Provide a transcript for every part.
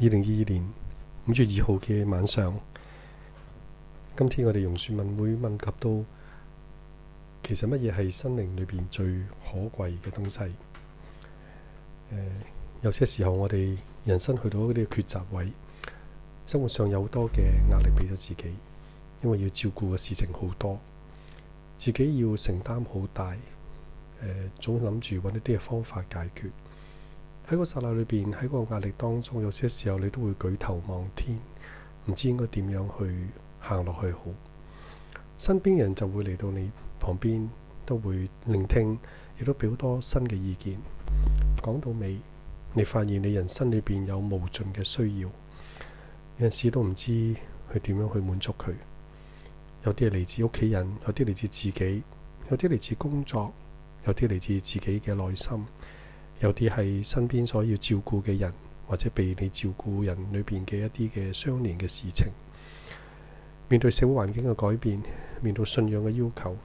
二零二二年五月二號嘅晚上，今天我哋榕樹問會問及到其實乜嘢係森林裏邊最可貴嘅東西。呃，有些時候我哋人生去到嗰啲抉擇位，生活上有好多嘅壓力畀咗自己，因為要照顧嘅事情好多，自己要承擔好大，誒、呃，總諗住揾一啲嘅方法解決。喺個剎那裏邊，喺個壓力當中，有些時候你都會舉頭望天，唔知應該點樣去行落去好。身邊人就會嚟到你旁邊，都會聆聽，亦都表多新嘅意見。講到尾，你發現你人生裏邊有無盡嘅需要，有陣時都唔知去點樣去滿足佢。有啲係嚟自屋企人，有啲嚟自自己，有啲嚟自工作，有啲嚟自自己嘅內心。有啲係身邊所要照顧嘅人，或者被你照顧人裏邊嘅一啲嘅相連嘅事情。面對社會環境嘅改變，面對信仰嘅要求，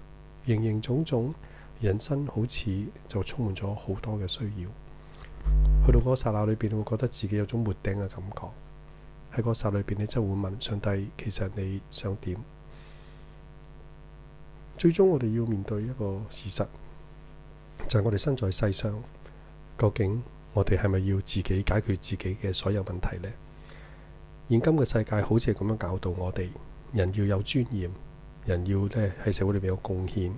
形形種種，人生好似就充滿咗好多嘅需要。去到嗰個剎那裏邊，會覺得自己有種沒頂嘅感覺喺嗰剎裏邊咧，你真會問上帝：其實你想點？最終我哋要面對一個事實，就係、是、我哋身在世上。究竟我哋係咪要自己解決自己嘅所有問題咧？現今嘅世界好似係咁樣教導我哋，人要有尊嚴，人要咧喺社會裏面有貢獻，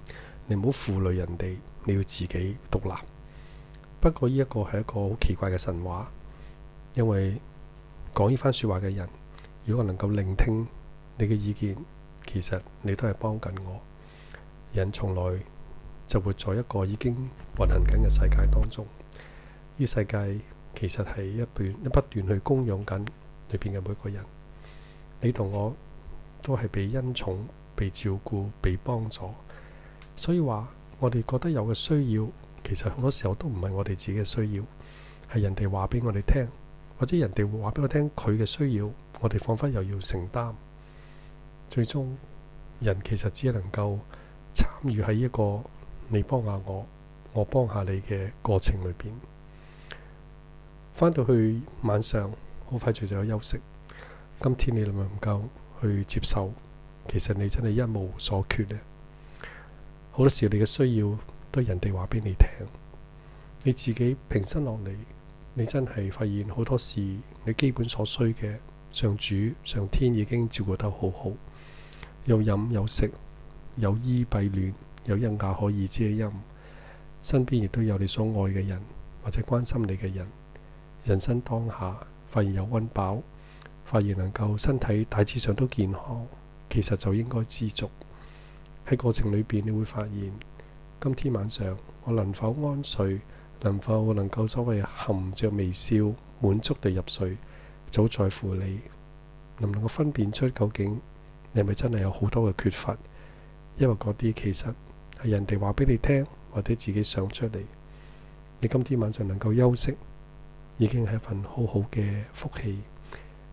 你唔好負累人哋，你要自己獨立。不過呢一個係一個好奇怪嘅神話，因為講呢番說話嘅人，如果能夠聆聽你嘅意見，其實你都係幫緊我。人從來就活在一個已經運行緊嘅世界當中。呢世界其實係一段一不斷去供養緊裏邊嘅每個人。你同我都係被恩寵、被照顧、被幫助，所以話我哋覺得有嘅需要，其實好多時候都唔係我哋自己嘅需要，係人哋話俾我哋聽，或者人哋話俾我聽佢嘅需要，我哋彷彿又要承擔。最終人其實只能夠參與喺一個你幫下我，我幫下你嘅過程裏邊。返到去晚上，好快脆就有休息。今天你能唔能夠去接受，其實你真係一無所缺咧。好多時你嘅需要都人哋話俾你聽，你自己平身落嚟，你真係發現好多事，你基本所需嘅上主、上天已經照顧得好好，有飲有食，有衣蔽暖，有陰架，可以遮陰，身邊亦都有你所愛嘅人或者關心你嘅人。人生當下發現有温飽，發現能夠身體大致上都健康，其實就應該知足。喺過程裏邊，你會發現今天晚上我能否安睡，能否能夠所謂含着微笑滿足地入睡，早在乎你。能唔能夠分辨出究竟你係咪真係有好多嘅缺乏？因為嗰啲其實係人哋話俾你聽，或者自己想出嚟。你今天晚上能夠休息，已經係一份好好嘅福氣。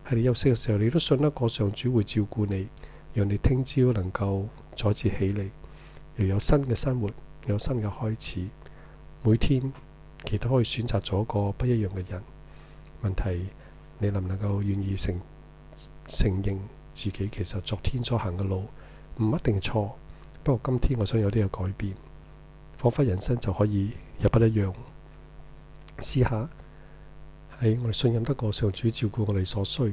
喺你休息嘅時候，你都信得過上主會照顧你，讓你聽朝能夠再次起嚟，又有新嘅生活，有新嘅開始。每天其實都可以選擇做一個不一樣嘅人。問題你能唔能夠願意承承認自己其實昨天所行嘅路唔一定錯，不過今天我想有啲嘅改變，彷彿人生就可以有不一樣。試下。Hey, 我哋信任得過上主照顧我哋所需，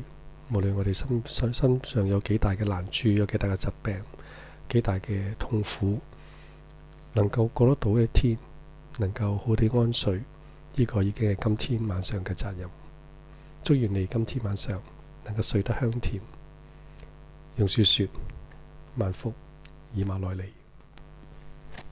無論我哋身身身上有幾大嘅難處，有幾大嘅疾病，幾大嘅痛苦，能夠過得到一天，能夠好啲安睡，呢個已經係今天晚上嘅責任。祝願你今天晚上能夠睡得香甜，用雪雪萬福，以馬內利。